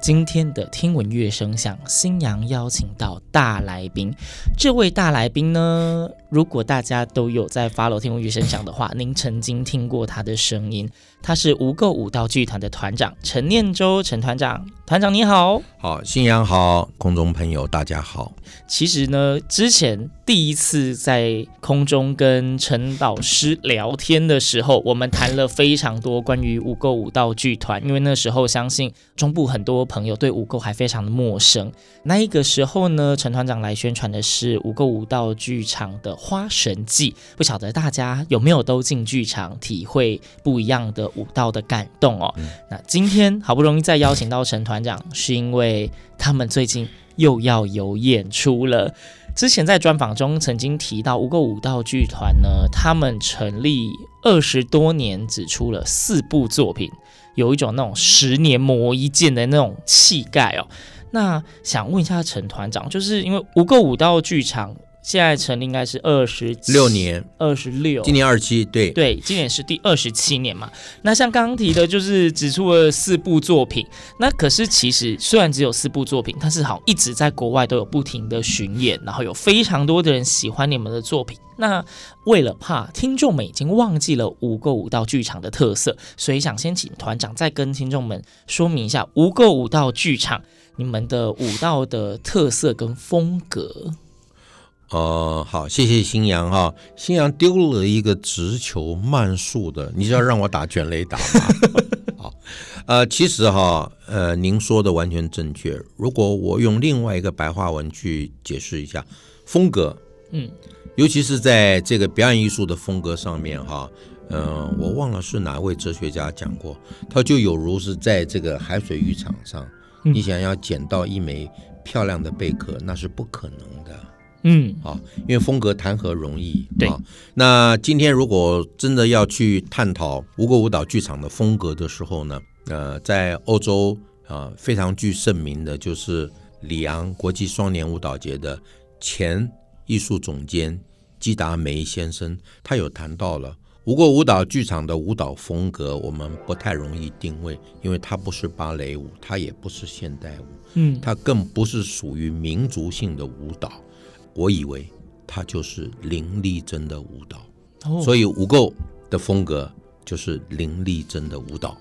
今天的聽聞樂聲響，星洋邀請到大來賓。這位大來賓呢，如果大家都有在 follow 聽聞樂聲響的話，您曾經聽過他的聲音。他是無垢舞蹈劇團的團長陳念舟，陳團長。團長你好，好，星洋好，空中朋友大家好。其實呢，之前第一次在空中跟陳導師聊天的時候，我們談了非常多關於無垢舞蹈劇團，因為那時候相信中部很多朋友對無垢還非常的陌生。那一個時候呢，陳團長來宣傳的是無垢舞蹈劇場的《花神祭》，不曉得大家有沒有都進劇場體會不一樣的舞蹈的感動哦、嗯。那今天好不容易再邀請到陳團。團長是因為他們最近又要有演出了。之前在專訪中曾經提到，無垢舞蹈劇團呢，他們成立二十多年只出了四部作品，有一種那種十年磨一劍的那種氣概哦。那想問一下陳團長，就是因為無垢舞蹈劇場。現在成立應該是二十六年，二十六，今年二十七，對對，今年是第二十七年嘛。那像剛剛提的，就是只出了四部作品。那可是其實雖然只有四部作品，但是好一直在國外都有不停的巡演，然後有非常多的人喜歡你們的作品。那為了怕聽眾們已經忘記了無垢舞蹈劇場的特色，所以想先請團長再跟聽眾們說明一下無垢舞蹈劇場你們的舞蹈的特色跟風格。呃，好，謝謝星洋哈、哦。星洋丟了一個直球慢速的，你是要讓我打全壘打嗎？ 好，呃，其實哈，呃，您說的完全正確。如果我用另外一個白話文去解釋一下風格，嗯，尤其是在這個表演藝術的風格上面哈，嗯、呃，我忘了是哪位哲學家講過，他就有如是在這個海水浴場上，你想要撿到一枚漂亮的貝殼，那是不可能的。嗯，啊，因為風格談何容易？對，哦、那今天如果真的要去探討無垢舞蹈劇場的風格的時候呢，呃，在歐洲啊、呃、非常具盛名的就是里昂國際雙年舞蹈節的前藝術總監基達梅先生，他有談到了無垢舞蹈劇場的舞蹈風格，我們不太容易定位，因為它不是芭蕾舞，它也不是現代舞，嗯，它更不是屬於民族性的舞蹈。我以為他就是林麗珍的舞蹈，哦、所以無垢的風格就是林麗珍的舞蹈，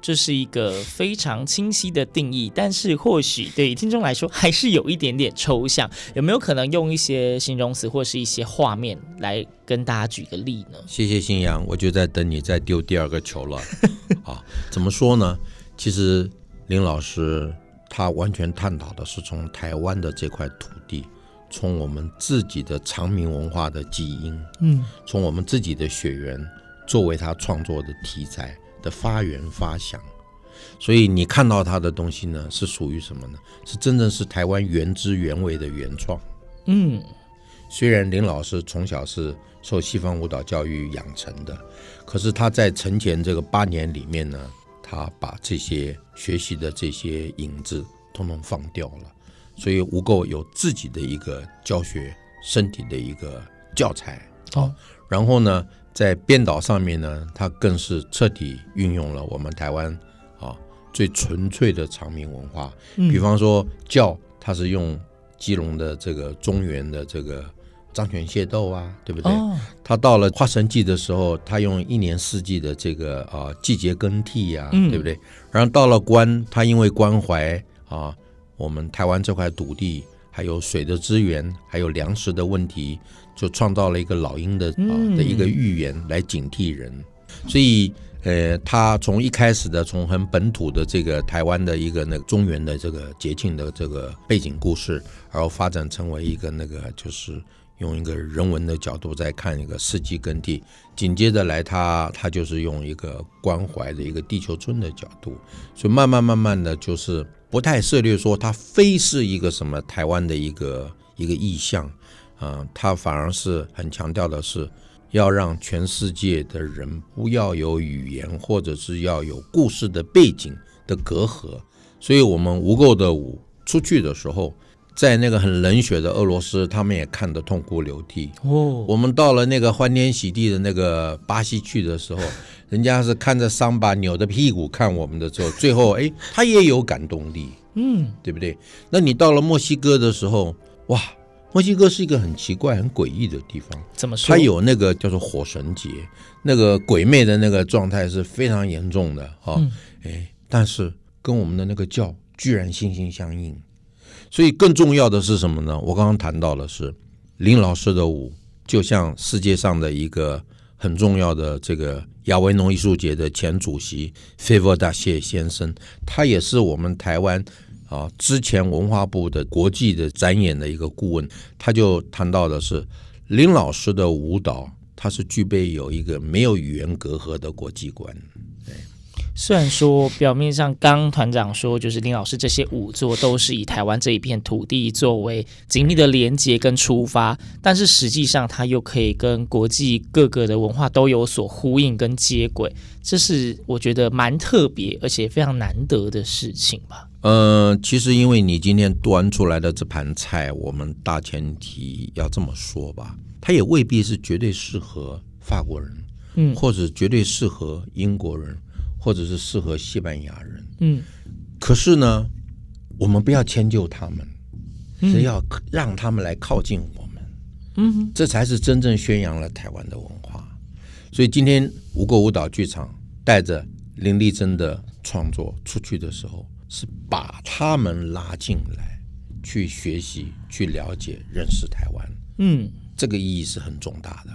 這是一個非常清晰的定義。但是或許對聽眾來說還是有一點點抽象，有沒有可能用一些形容詞或是一些畫面來跟大家舉個例呢？謝謝星洋，我就在等你再丟第二個球了。 啊，怎麼說呢？其實林老師他完全探討的是從台灣的這塊土地，從我們自己的常民文化的基因，嗯，從我們自己的血緣，作為他創作的題材的發源發祥、嗯，所以你看到他的東西呢，是屬於什麼呢？是真正是台灣原汁原味的原創。嗯，雖然林老師從小是受西方舞蹈教育養成的，可是他在成前這個八年裡面呢，他把這些學習的這些影子通通放掉了。所以無垢有自己的一個教學身體的一個教材，好、哦，然後呢，在編導上面呢，他更是徹底運用了我們台灣啊、哦、最純粹的常民文化、嗯。比方說教，他是用基隆的這個中元的這個漳泉械鬥啊，對不對？哦、他到了花神季的時候，他用一年四季的這個啊、呃、季節更替呀、啊嗯，對不對？然後到了觀，他因為關懷啊。呃我們台灣這塊土地，還有水的資源，還有糧食的問題，就創造了一個老鷹的啊、呃、的一個預言來警惕人。所以，呃，他從一開始的從很本土的這個台灣的一個那個中原的這個節慶的這個背景故事，然後發展成為一個那個就是用一個人文的角度在看一個四季更替，緊接着來他他就是用一個關懷的一個地球村的角度，所以慢慢慢慢的就是。不太涉獵說，他非是一個什麼台灣的一個一個意象，啊、呃，他反而是很強調的是，要讓全世界的人不要有語言或者是要有故事的背景的隔閡，所以，我們無垢的舞出去的時候。在那個很冷血的俄羅斯，他們也看得痛哭流涕哦。我們到了那個歡天喜地的那個巴西去的時候，人家是看着森巴扭着屁股看我們的時候，最後誒、哎，他也有感動力，嗯，對不對？那你到了墨西哥的時候，哇，墨西哥是一個很奇怪、很詭異的地方。怎麼說？他有那個叫做火神節，那個鬼魅的那個狀態是非常嚴重的啊。誒、哦嗯哎，但是跟我們的那個醮居然心心相印。所以更重要的是什麼呢？我剛剛談到的是林老師的舞，就像世界上的一個很重要的這個亞維農藝術節的前主席菲沃達謝先生，他也是我們台灣啊之前文化部的國際的展演的一個顧問，他就談到的是林老師的舞蹈，他是具備有一個沒有語言隔閡的國際觀。雖然說表面上剛，剛團長說，就是林老師這些舞作都是以台灣這一片土地作為緊密的連結跟出發，但是實際上他又可以跟國際各個、個的文化都有所呼應跟接軌，這是我覺得蠻特別而且非常難得的事情吧。嗯、呃，其實因為你今天端出來的這盤菜，我們大前提要這麼說吧，它也未必是絕對適合法國人，嗯，或者絕對適合英國人。或者是適合西班牙人，嗯，可是呢，我們不要遷就他們，是、嗯、要讓他們來靠近我們，嗯，這才是真正宣揚了台灣的文化。所以今天無垢舞蹈劇場帶着林麗珍的創作出去的時候，是把他們拉進來，去學習、去了解、認識台灣，嗯，這個意義是很重大的。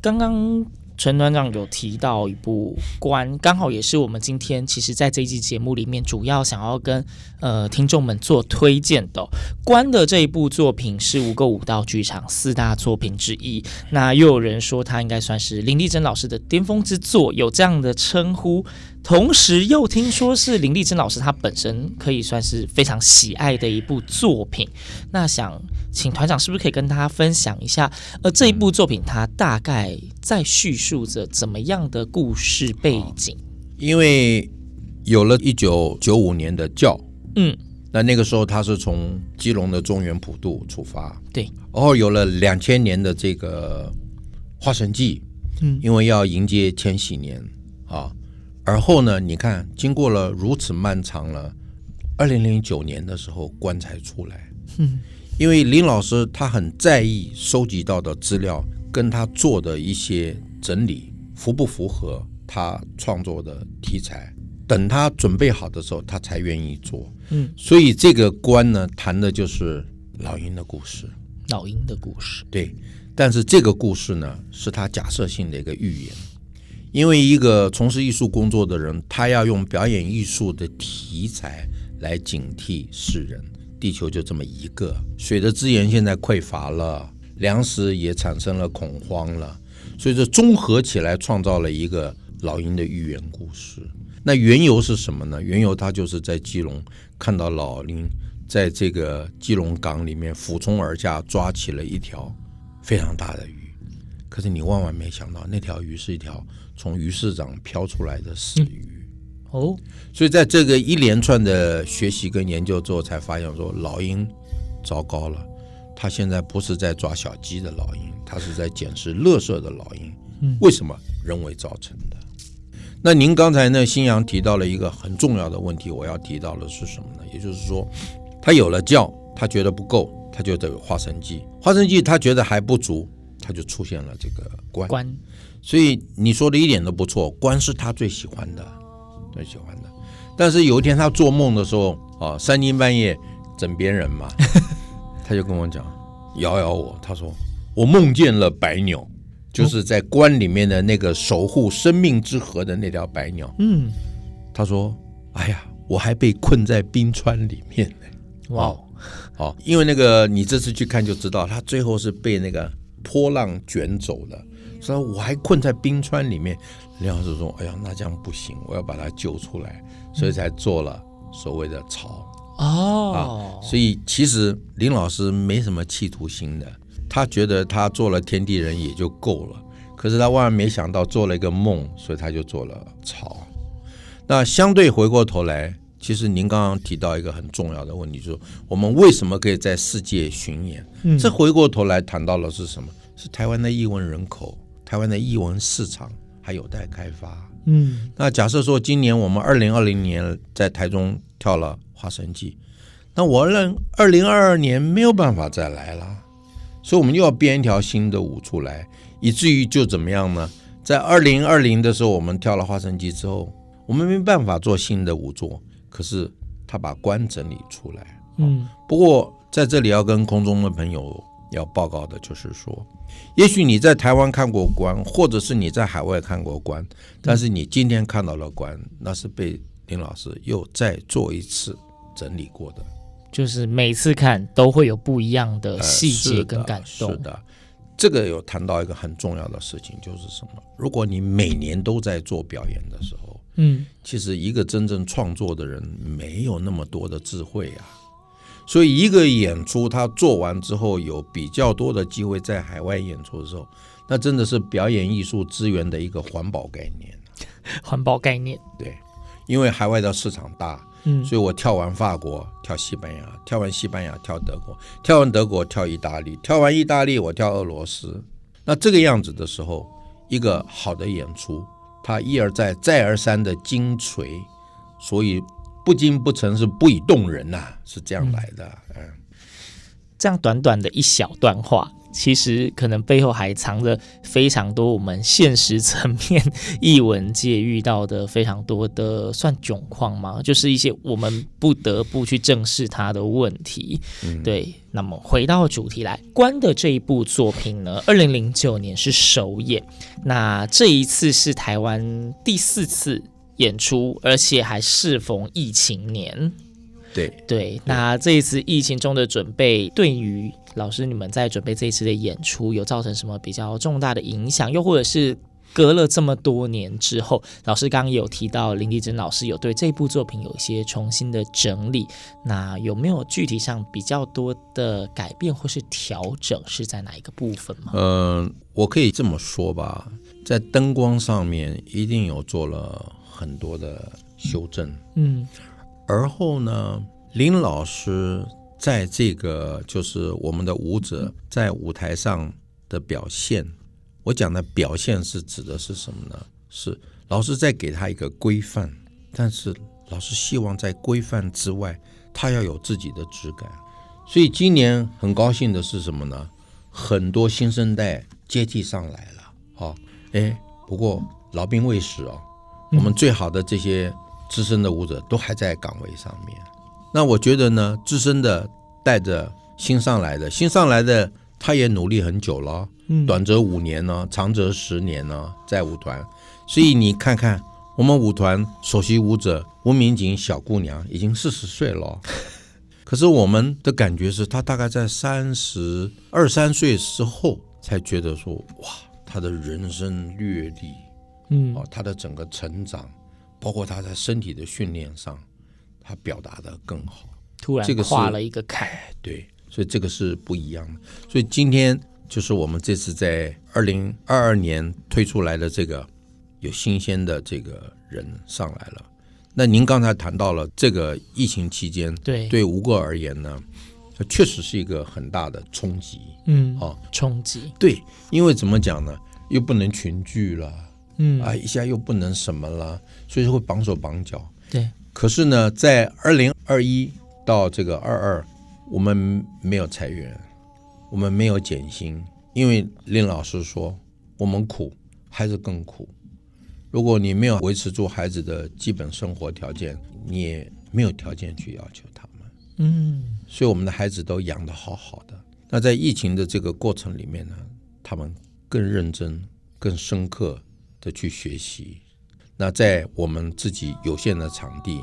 剛剛。陳團長有提到一部《觀》，剛好也是我們今天其實，在這一期節目裡面，主要想要跟呃聽眾們做推薦的《觀》的這一部作品，是無垢舞蹈劇場四大作品之一。那又有人說，它應該算是林麗珍老師的巔峰之作，有這樣的稱呼。同時又聽說是林麗珍老師他本身可以算是非常喜愛的一部作品，那想請團長是不是可以跟大家分享一下？而這一部作品它大概在敘述着怎麼樣的故事背景？因為有了一九九五年的醮，嗯，那那個時候他是從基隆的中元普渡出發，對，然後有了兩千年的這個花神祭，嗯，因為要迎接千禧年啊。而後呢，你看，經過了如此漫長了，二零零九年的時候，觀才出來。嗯，因為林老師他很在意收集到的資料跟他做的一些整理符不符合他創作的題材。等他準備好的時候，他才願意做。嗯，所以這個觀呢，談的就是老鷹的故事。老鷹的故事，對。但是這個故事呢，是他假設性的一個預言。因為一個從事藝術工作的人，他要用表演藝術的題材來警惕世人。地球就這麼一個，水的資源現在匱乏了，糧食也產生了恐慌了，所以這綜合起來創造了一個老鷹的寓言故事。那緣由是什麼呢？緣由他就是在基隆看到老鷹在這個基隆港裡面俯衝而下，抓起了一條非常大的魚。可是你萬萬沒想到，那條魚是一條從魚市場漂出來的死魚哦。所以，在這個一連串的學習跟研究之後，才發現說，老鷹糟糕了，它現在不是在抓小雞的老鷹，它是在撿食垃圾的老鷹。為什麼人為造成的？嗯、那您剛才呢？星洋提到了一個很重要的問題，我要提到的是什麼呢？也就是說，他有了叫，他覺得不夠，他就得有花生雞，花生雞他覺得還不足。他就出現了這個觀觀，所以你說的一點都不錯，觀是他最喜歡的，最喜歡的。但是有一天他做夢的時候啊，三更半夜枕邊人嘛，他就跟我講搖搖我，他說我夢見了白鳥，就是在觀裡面的那個守護生命之河的那條白鳥。嗯，他說哎呀，我還被困在冰川裡面呢。哇哦，因為那個你這次去看就知道，他最後是被那個。波浪卷走了，所以我還困在冰川裡面。林老師說：“哎呀，那這樣不行，我要把他救出來。”所以才做了所謂的潮。哦、嗯、啊。所以其實林老師沒什麼企圖心的，他覺得他做了天地人也就夠了。可是他萬萬沒想到做了一個夢，所以他就做了潮。那相對回過頭來。其實您剛剛提到一個很重要的問題，就是我們為什麼可以在世界巡演？嗯，這回過頭來談到了是什麼？是台灣的藝文人口，台灣的藝文市場還有待開發。嗯，那假設說今年我們二零二零年在台中跳了花神祭。那我認二零二二年沒有辦法再來啦，所以我們又要編一條新的舞出來，以至於就怎麼樣呢？在二零二零的時候我們跳了花神祭之後，我們沒辦法做新的舞作。可是他把關整理出來。哦，嗯，不過在這裡要跟空中的朋友要報告的就是說，也許你在台灣看過關，或者是你在海外看過關，但是你今天看到了關，那是被林老師又再做一次整理過的。嗯，就是每次看都會有不一樣的細節跟感受。呃。是的，這個有談到一個很重要的事情，就是什麼？如果你每年都在做表演的時候，嗯，其實一個真正創作的人沒有那麼多的智慧啊，所以一個演出他做完之後有比較多的機會在海外演出的時候，那真的是表演藝術資源的一個環保概念啊。環保概念，對，因為海外的市場大，嗯，所以我跳完法國，跳西班牙，跳完西班牙跳德國，跳完德國跳意大利，跳完意大利我跳俄羅斯，那這個樣子的時候，一個好的演出。他一而再、再而三的精錘，所以不精不誠，是不以動人吶、啊，是這樣來的嗯。嗯，這樣短短的一小段話。其實可能背後還藏着非常多我們現實層面藝文界遇到的非常多的算窘況嘛，就是一些我們不得不去正視它的問題。嗯，對。那麼回到主題來，觀的這一部作品呢，二零零九年是首演，那這一次是台灣第四次演出，而且還適逢疫情年。對對，那這一次疫情中的準備對於。老師，你們在準備這一次的演出，有造成什麼比較重大的影響？又或者是隔了這麼多年之後，老師剛剛有提到林麗珍老師有對這部作品有一些重新的整理，那有沒有具體上比較多的改變或是調整是在哪一個部分嗎？嗯、呃，我可以這麼說吧，在燈光上面一定有做了很多的修正。嗯，而後呢，林老師。在這個就是我們的舞者在舞台上的表現，我講的表現是指的是什麼呢？是老師在給他一個規範，但是老師希望在規範之外，他要有自己的質感。所以今年很高興的是什麼呢？很多新生代接替上來了啊、哦！哎，不過老兵未死哦，我們最好的這些資深的舞者都還在崗位上面。那我覺得呢，自身的帶着新上來的，新上來的他也努力很久了，嗯，短則五年呢，長則十年呢，在舞團。所以你看看我們舞團首席舞者吳敏景小姑娘已經四十歲了， 可是我們的感覺是她大概在三十二三歲之後才覺得說，哇，她的人生閱歷，嗯、哦，她的整個成長，包括她在身體的訓練上，他表達的更好，突然畫了一個楷，對，所以這個是不一樣的。所以今天就是我們這次在二零二二年推出來的這個有新鮮的這個人上來了。那您剛才談到了這個疫情期間，對對，無垢而言呢，它確實是一個很大的衝擊，嗯，哦，衝擊，對，因為怎麼講呢？又不能群聚了，嗯啊，一下又不能什麼了，所以說會綁手綁腳，對。可是呢，在二零二一到這個二二，我們沒有裁員，我們沒有減薪，因為林老師說，我們苦，孩子更苦。如果你沒有維持住孩子的基本生活條件，你也沒有條件去要求他們。嗯，所以我們的孩子都養得好好的。那在疫情的這個過程裡面呢，他們更認真、更深刻地去學習。那在我們自己有限的場地，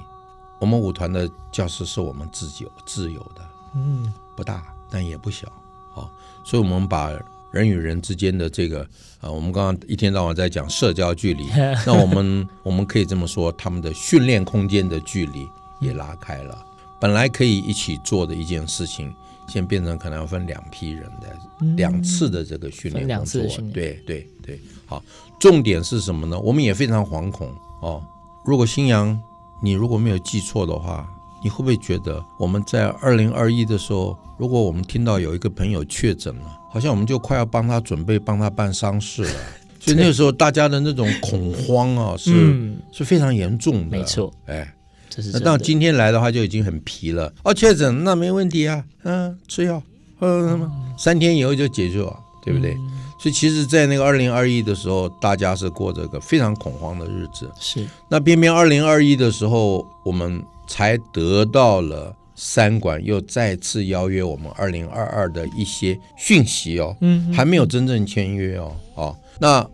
我們舞團的教室是我們自己自有的，嗯，不大，但也不小，啊。所以我們把人與人之間的這個，啊、呃，我們剛剛一天到晚在講社交距離， 那我們我們可以這麼說，他們的訓練空間的距離也拉開了，本來可以一起做的一件事情，先變成可能要分兩批人的兩次的這個訓練工作。嗯、分兩次訓練，對對對，好。重點是什麼呢？我們也非常惶恐哦，如果星洋，你如果沒有記錯的話，你會不會覺得我們在二零二一的時候，如果我們聽到有一個朋友確診了，好像我們就快要幫他準備、幫他辦喪事了？所以那個時候大家的那種恐慌啊、哦，是、嗯、是非常嚴重的。沒錯，哎，這是。那到今天來的話就已經很皮了。哦，確診那沒問題啊，嗯，吃藥，嗯，三天以後就解決了，對不對？嗯所以其實，在那個二零二一的時候，大家是過着個非常恐慌的日子。是，那偏偏二零二一的時候，我們才得到了三館又再次邀約我們二零二二的一些訊息哦。嗯，還沒有真正簽約哦。啊，那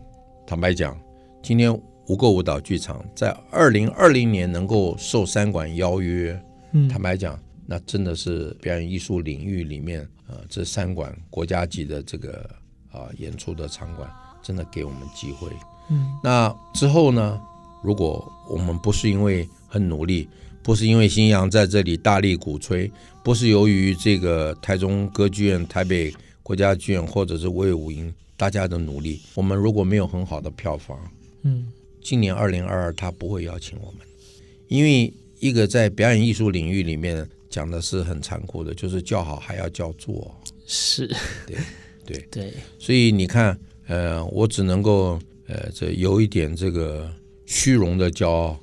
坦白講，今天無垢舞蹈劇場在二零二零年能夠受三館邀約，坦白講，那真的是表演藝術領域裡面呃，這三館國家級的這個。啊！演出的場館真的給我們機會。嗯，那之後呢？如果我們不是因為很努力，不是因為星洋在這裡大力鼓吹，不是由於這個台中歌劇院、台北國家劇院或者是衛武營，大家的努力，我們如果沒有很好的票房，嗯，今年二零二二他不會邀請我們。因為一個在表演藝術領域裡面講的是很殘酷的，就是叫好還要叫座。是，對。對對對，所以你看，呃，我只能夠，呃，這有一點這個虛榮的驕傲。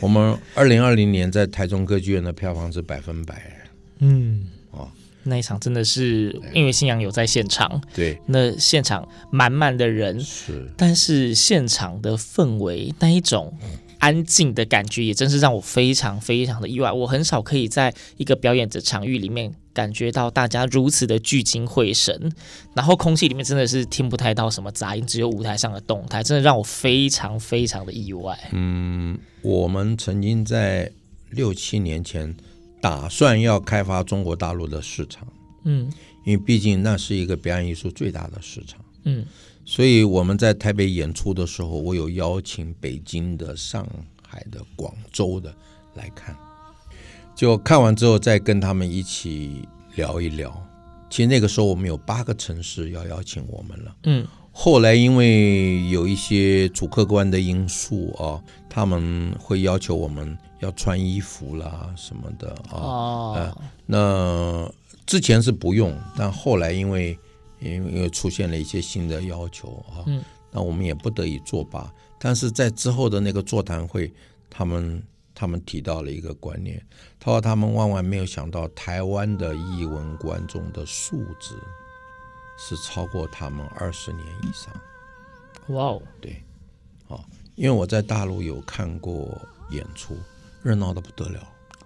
我們二零二零年在台中歌劇院的票房是百分百。 嗯，哦，那一場真的是因為信仰有在現場、那個。對，那現場滿滿的人，是，但是現場的氛圍那一種安靜的感覺，也真是讓我非常非常的意外。我很少可以在一個表演的場域裡面。感覺到大家如此的聚精會神，然後空氣裡面真的是聽不太到什麼雜音，只有舞台上的動態，真的讓我非常非常的意外。嗯，我們曾經在六七年前打算要開發中國大陸的市場，嗯，因為畢竟那是一個表演藝術最大的市場，嗯，所以我們在台北演出的時候，我有邀請北京的、上海的、廣州的來看。就看完之後再跟他們一起聊一聊。其實那個時候我們有八個城市要邀請我們了，嗯。後來因為有一些主客觀的因素啊，他們會要求我們要穿衣服啦什麼的啊。那之前是不用，但後來因為因為因為出現了一些新的要求啊，那我們也不得已作罷。但是在之後的那個座談會，他們他們提到了一個觀念。他說：“他們萬萬沒有想到，台灣的藝文觀眾的素質是超過他們二十年以上。”哇哦！對，啊，因為我在大陸有看過演出，熱鬧得不得了。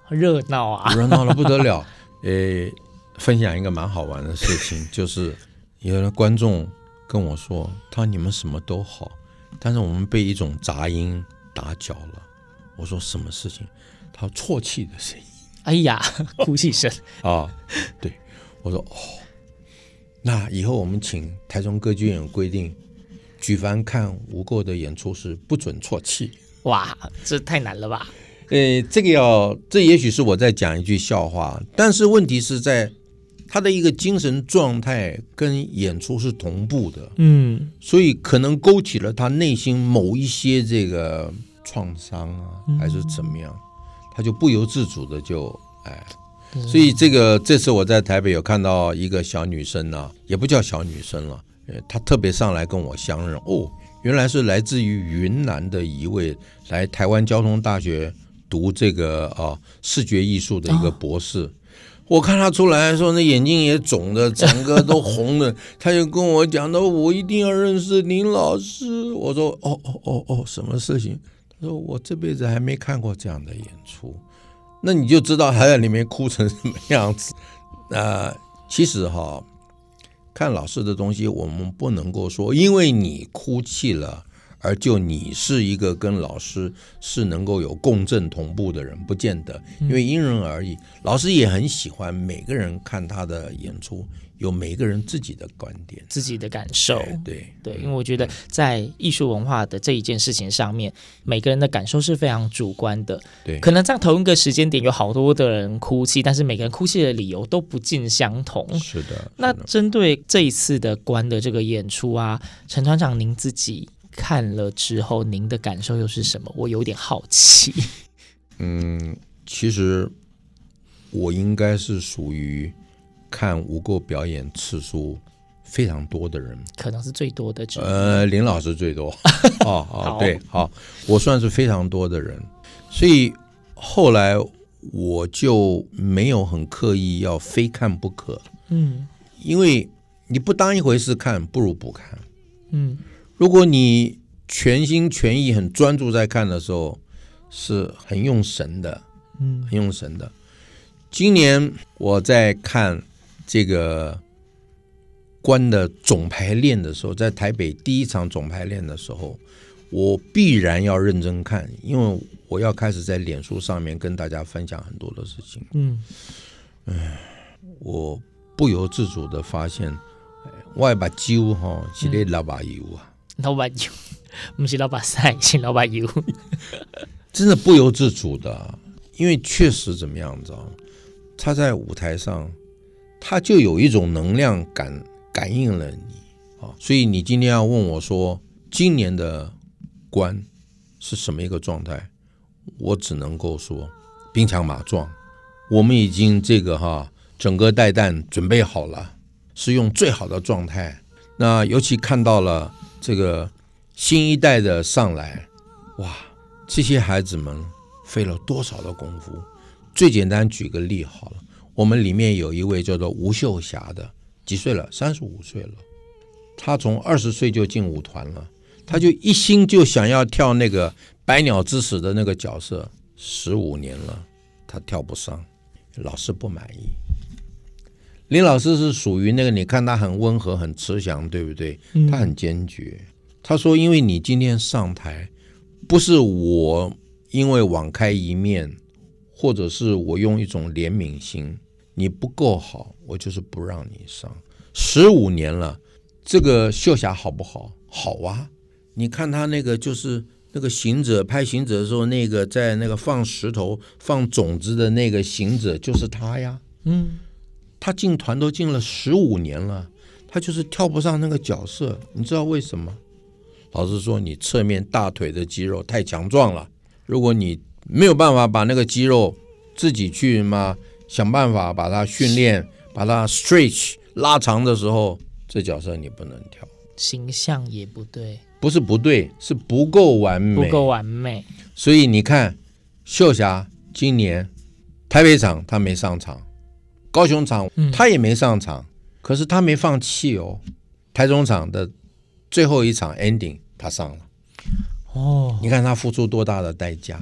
熱鬧啊！熱鬧得不得了。誒，分享一個蠻好玩的事情，就是有的觀眾跟我說：“他說你們什麼都好，但是我們被一種雜音打攪了。”我說：“什麼事情？”他啜泣的聲音，哎呀，哭泣聲啊， 哦！對，我說，哦，那以後我們請台中歌劇院有規定，舉凡看無垢的演出是不准啜泣。哇，這太難了吧？呃，這個要，這也許是我在講一句笑話，但是問題是在他的一個精神狀態跟演出是同步的，嗯，所以可能勾起了他內心某一些這個創傷啊，嗯、還是怎麼樣。他就不由自主的就哎，所以這個、嗯、這次我在台北有看到一個小女生呢、啊，也不叫小女生了，她特別上來跟我相認哦，原來是來自於雲南的一位來台灣交通大學讀這個啊、哦、視覺藝術的一個博士。啊、我看她出來說，那眼睛也腫的，整個都紅的， 她就跟我講到，我一定要認識林老師。我說哦哦哦哦，什麼事情？說，我這輩子還沒看過這樣的演出，那你就知道他在裡面哭成什麼樣子。那、呃、其實哈，看老師的東西，我們不能夠說因為你哭泣了，而就你是一個跟老師是能夠有共振同步的人，不見得，因為因人而異。老師也很喜歡每個人看他的演出。有每個人自己的觀點，自己的感受，對對,對，因為我覺得在藝術文化的這一件事情上面，嗯，每個人的感受是非常主觀的。對，可能在同一個時間點，有好多的人哭泣，但是每個人哭泣的理由都不盡相同。是的。是的，那針對這一次的觀的這個演出啊，陳團長，您自己看了之後，您的感受又是什麼？我有點好奇。嗯，其實我應該是屬於。看無垢表演次數非常多的人，可能是最多的。呃，林老師最多。 哦哦，對，好，我算是非常多的人，所以後來我就沒有很刻意要非看不可。嗯，因為你不當一回事看，不如不看。嗯，如果你全心全意、很專注在看的時候，是很用神的。嗯，很用神的。今年我在看，這個關的總排練的時候，在台北第一場總排練的時候，我必然要認真看，因為我要開始在臉書上面跟大家分享很多的事情。嗯，哎，我不由自主的發現，外白酒哈是老板油啊，老板油不是老板菜，是老板油， 真的不由自主的，因為確實怎麼樣子，哦，他在舞台上。他就有一種能量感感應了你啊，所以你今天要問我說，今年的觀是什麼一個狀態？我只能夠說，兵強馬壯，我們已經這個哈整個帶彈準備好了，是用最好的狀態。那尤其看到了這個新一代的上來，哇，這些孩子們費了多少的功夫？最簡單舉個例好了。我們裡面有一位叫做吳秀霞的，幾歲了？三十五歲了。她從二十歲就進舞團了，她就一心就想要跳那個《白鳥之死》的那個角色，十五年了，她跳不上，老師不滿意。林老師是屬於那個，你看他很溫和、很慈祥，對不對？他很堅決，嗯、他說：“因為你今天上台，不是我因為網開一面，或者是我用一種憐憫心。”你不夠好，我就是不讓你上。十五年了，這個秀霞好不好？好啊！你看他那個就是那個行者，拍行者的時候，那個在那個放石頭、放種子的那個行者就是他呀。嗯，他進團都進了十五年了，他就是跳不上那個角色。你知道為什麼？老師說你側面大腿的肌肉太強壯了，如果你沒有辦法把那個肌肉自己去嘛。想辦法把它訓練，把它 stretch 拉長的時候，這角色你不能跳，形象也不對，不是不對，是不夠完美，不夠完美。所以你看，秀霞今年台北場他沒上場，高雄場他也沒上場，嗯，可是他沒放棄哦。台中場的最後一場 ending 他上了，哦，你看他付出多大的代價，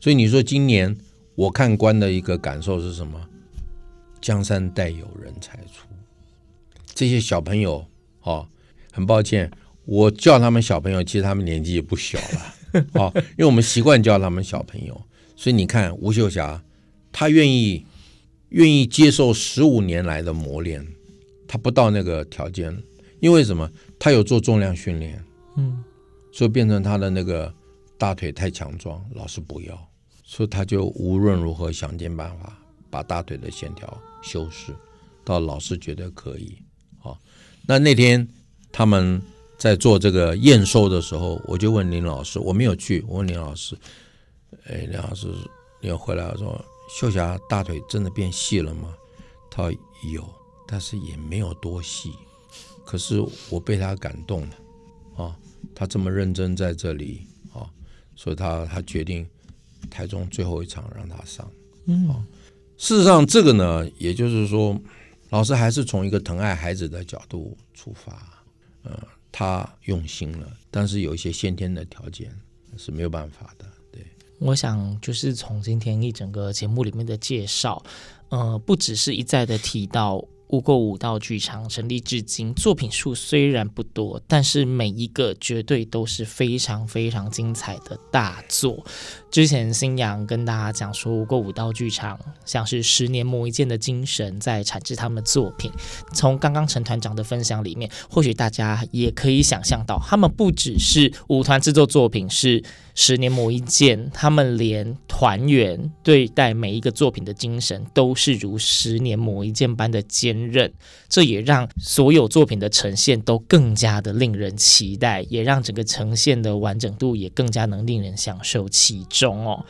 所以你說今年。我看官的一個感受是什麼？江山代有人才出，這些小朋友哦，很抱歉，我叫他們小朋友，其實他們年紀也不小了 哦，因為我們習慣叫他們小朋友，所以你看吳秀霞，他願意願意接受十五年來的磨練，他不到那個條件，因為什麼？他有做重量訓練，嗯，所以變成他的那個大腿太強壯，老師不要。所以他就無論如何想盡辦法把大腿的線條修飾，到老師覺得可以啊、哦。那那天他們在做這個驗收的時候，我就問林老師，我沒有去。我問林老師，哎，林老師，你回來說，秀霞大腿真的變細了嗎？他說有，但是也沒有多細。可是我被他感動了啊、哦，他這麼認真在這裡啊、哦，所以他他決定。台中最後一場讓他上，嗯、哦，事實上，這個呢，也就是說，老師還是從一個疼愛孩子的角度出發，嗯、他用心了，但是有一些先天的條件是沒有辦法的。對，我想就是從今天一整個節目裡面的介紹，呃，不只是一再的提到，無垢舞蹈劇場成立至今，作品數雖然不多，但是每一個絕對都是非常非常精彩的大作。之前星洋跟大家講說過，舞蹈劇場像是十年磨一劍的精神在產制他們的作品。從剛剛陳團長的分享裡面，或許大家也可以想象到，他們不只是舞團製作作品是十年磨一劍，他們連團員對待每一個作品的精神都是如十年磨一劍般的堅韌。這也讓所有作品的呈現都更加的令人期待，也讓整個呈現的完整度也更加能令人享受其中。中哦，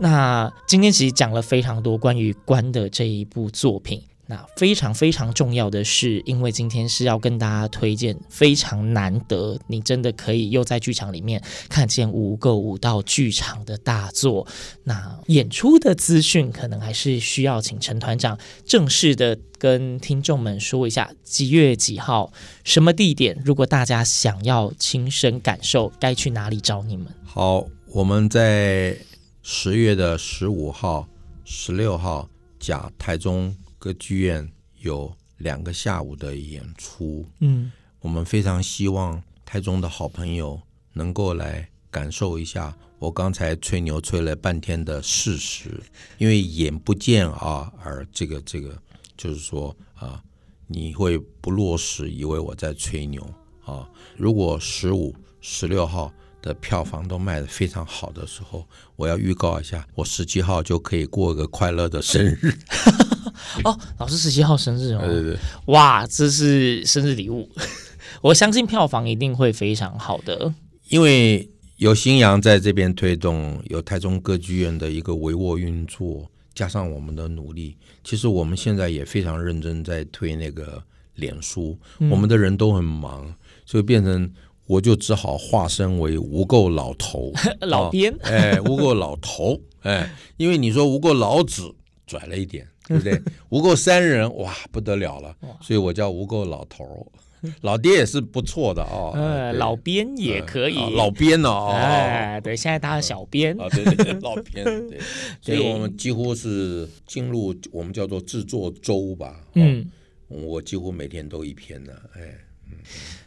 那今天其實講了非常多關於觀的這一部作品。那非常非常重要的是，因為今天是要跟大家推薦非常難得，你真的可以又在劇場裡面看見無垢舞蹈劇場的大作。那演出的資訊可能還是需要請陳團長正式的跟聽眾們說一下幾月幾號、什麼地點。如果大家想要親身感受，該去哪裡找你們？好。我們在十月的十五號、十六號，假台中歌劇院有兩個下午的演出。嗯，我們非常希望台中的好朋友能夠來感受一下我剛才吹牛吹了半天的事實，因為眼不見啊，而這個這個就是說啊，你會不落實，以為我在吹牛啊。如果十五、十六號，的票房都賣的非常好的時候，我要預告一下，我十七號就可以過一個快樂的生日。 哦，老師十七號生日哦，對對對，哇，這是生日禮物， 我相信票房一定會非常好的。因為有星洋在這邊推動，有台中歌劇院的一個帷幄運作，加上我們的努力，其實我們現在也非常認真在推那個臉書，嗯、我們的人都很忙，所以變成。我就只好化身為無垢老頭老編、哦、哎，無垢老頭哎，因為你說無垢老子拽了一點，對不對？ 無垢三人哇不得了了，所以我叫無垢老頭兒，老爹也是不錯的啊、哦。呃，老編也可以，啊、老編呢哎，對，現在當小編啊、哦，對對、對，老編對， 對，所以我們幾乎是進入我們叫做製作週吧、哦，嗯，我幾乎每天都一篇呢，哎，嗯、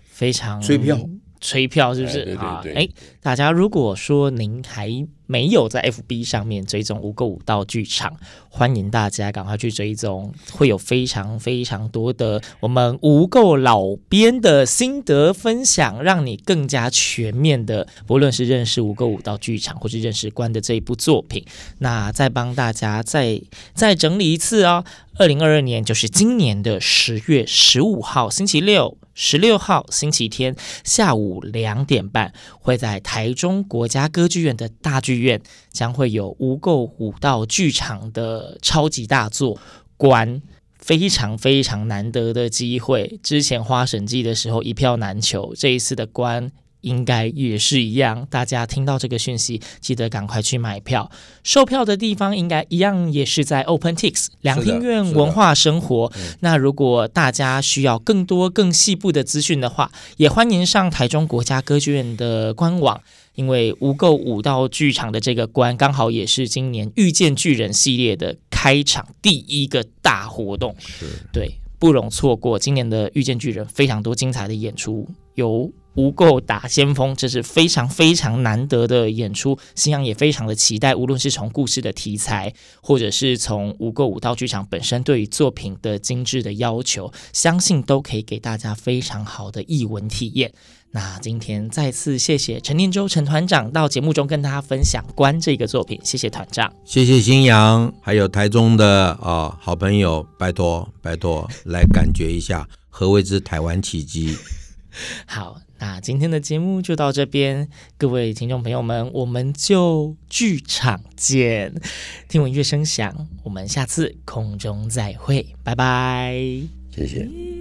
非常追票。催票是不是啊？哎。對對對啊，誒大家如果說您還沒有在 FB 上面追蹤無垢舞蹈劇場，歡迎大家趕快去追蹤，會有非常非常多的我們無垢老編的心得分享，讓你更加全面的，不論是認識無垢舞蹈劇場，或是認識觀的這一部作品，那再幫大家再再整理一次哦。二零二二年就是今年的十月十五號星期六，十六號星期天下午兩點半會在台。臺中國家歌劇院的大劇院將會有無垢舞蹈劇場的超級大作《觀》，非常非常難得的機會。之前花神祭的時候一票難求，這一次的《觀》應該也是一樣，大家聽到這個訊息，記得趕快去買票。售票的地方應該一樣，也是在 OPENTIX 兩廳院文化生活。那如果大家需要更多更細部的資訊的話，嗯，也歡迎上台中國家歌劇院的官網。因為無垢舞蹈劇場的這個觀剛好也是今年遇見巨人系列的開場第一個大活動，對，不容錯過。今年的遇見巨人非常多精彩的演出，有。無垢打先鋒，這是非常非常難得的演出，星洋也非常的期待。無論是從故事的題材，或者是從無垢舞蹈劇場本身對於作品的精致的要求，相信都可以給大家非常好的藝文體驗。那今天再次謝謝陳念舟陳團長到節目中跟大家分享《觀》這個作品，謝謝團長，謝謝星洋，還有台中的啊、哦、好朋友，拜託拜託來感覺一下 何謂之台灣奇蹟， 好。那、啊、今天的節目就到這邊，各位聽眾朋友們，我們就劇場見。聽聞樂聲響，我們下次空中再會，拜拜，謝謝。